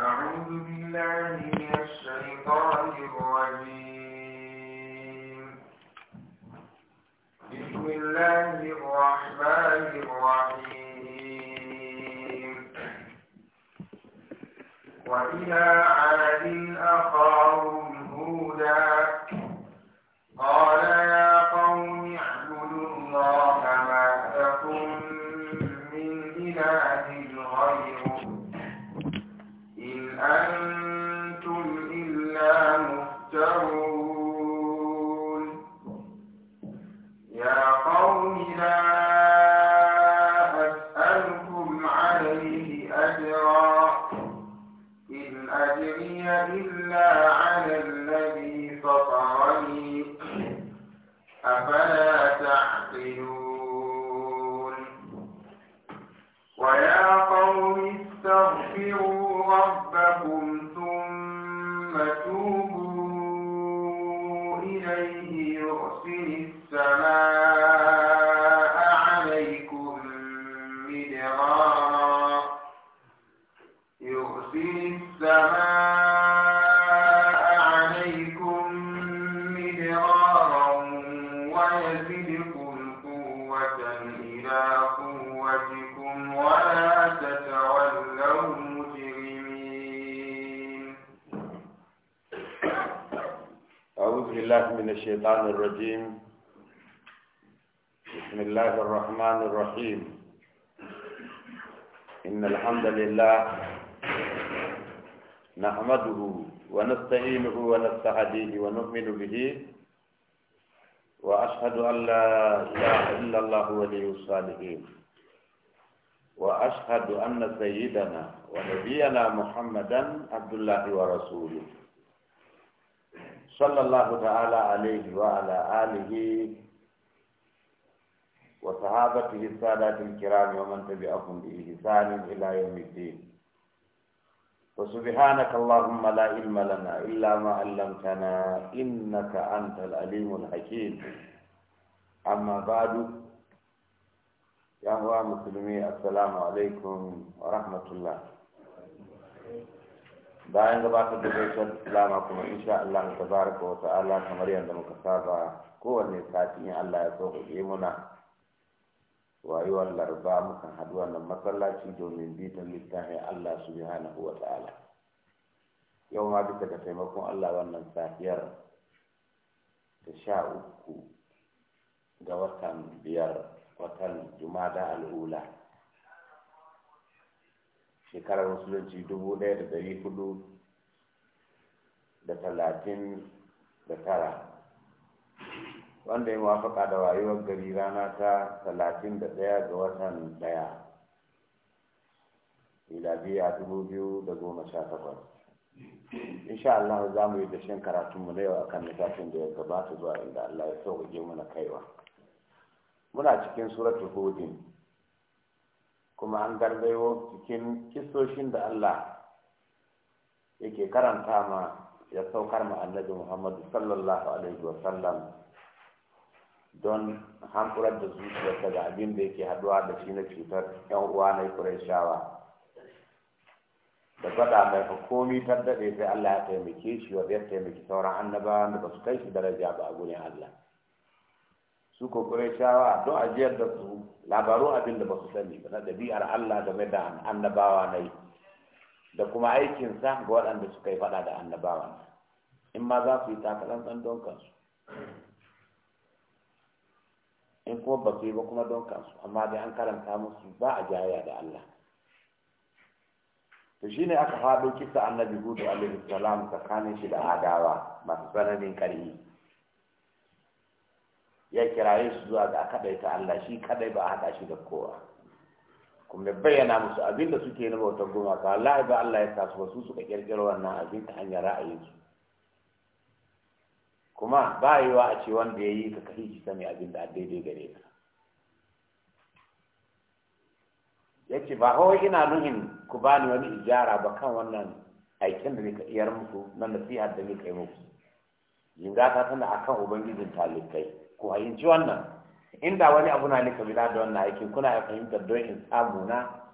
أعوذ بالله من الشيطان الرجيم بسم الله الرحمن الرحيم وإلى عاد أخاهم هودا قال يا قوم اعبدوا الله ما لكم من إله أجري إلا على الذي فطرني أفلا تعقلون ويا قوم استغفروا ربكم ثم توبوا إليه يرسل السماء السماء عليكم مدرارا ويزدكم قوة إلى قوتكم ولا تتولوا مجرمين أعوذ بالله من الشيطان الرجيم بسم الله الرحمن الرحيم إن الحمد لله نحمده ونستعينه ونستهديه ونؤمن به وأشهد أن لا إله إلا الله ولي الصالحين وأشهد أن سيدنا ونبينا محمدا عبد الله ورسوله صلى الله تعالى عليه وعلى آله وصحابته السادات الكرام ومن تبعهم بإحسان إلى يوم الدين وسبحانك اللهم لا علم لنا إلا ما علمتنا إنك أنت العليم الحكيم أما بعد يا هو مسلمي السلام عليكم ورحمة الله bayan gabatar da gaisuwar islama kuma insha Allah tabaraka wa ta'ala kamar yadda muka saba kowanne sati in Allah ya sauƙaƙe muna wayewar larba muka haɗu wannan masallaci domin bitan littafin Allah subhanahu wa ta'ala yau ma bisa ga taimakon Allah wannan safiyar da sha uku ga watan biyar watan jumada al'ula shekarar musulunci dubu ɗaya da ɗari hudu da talatin da tara wanda ya wafaka da wayewar gari rana ta talatin da ɗaya ga watan ɗaya miladiya dubu biyu da goma sha takwas insha Allah za mu yi da shan karatunmu na yau akan littafin da ya gabata zuwa inda Allah ya sauƙaƙe mana kaiwa muna cikin suratul hudin kuma an garbayo cikin kisoshin da Allah yake karanta ma ya saukar ma annabi Muhammad sallallahu alaihi wa don hankurar da zuciyarta ga abin da yake haduwa da shi na cutar yan uwa na kuraishawa da faɗa mai hukumi ta daɗe sai Allah ya taimake shi wa biyar taimaki sauran annabawa da ba su kai shi daraja ba a gurin Allah su ko kuraishawa don ajiyar da su labaru abin da ba su sani ba na ɗabi'ar Allah game da annabawa na yi da kuma aikinsa ga waɗanda suka yi faɗa da annabawa in ma za su yi takalan don kansu in kuma ba su yi ba kuma don kansu amma dai an karanta musu ba a jaya da Allah to ne aka faɗo kisa annabi hudu alaihi salam tsakanin shi da adawa masu tsananin ƙarfi ya kiraye su zuwa ga kadai ta Allah shi kadai ba a haɗa shi da kowa kuma bayyana musu abin da suke na bautar gumaka wallahi ba Allah ya sa su ba su suka kirkiro wannan abin ta hanyar ra'ayinsu kuma ba yiwa a ce wanda ya yi ka kashi shi sami abin da a daidai gare ka ya ce ba hawa ina nuhin ku ba ni wani ijara ba kan wannan aikin da nika iyar musu na nasihar da nika yi musu Yin ta tana akan ubangijin talibai ku fahimci wannan inda wani abu na nika bila da wannan aikin kuna ya fahimtar don in samu na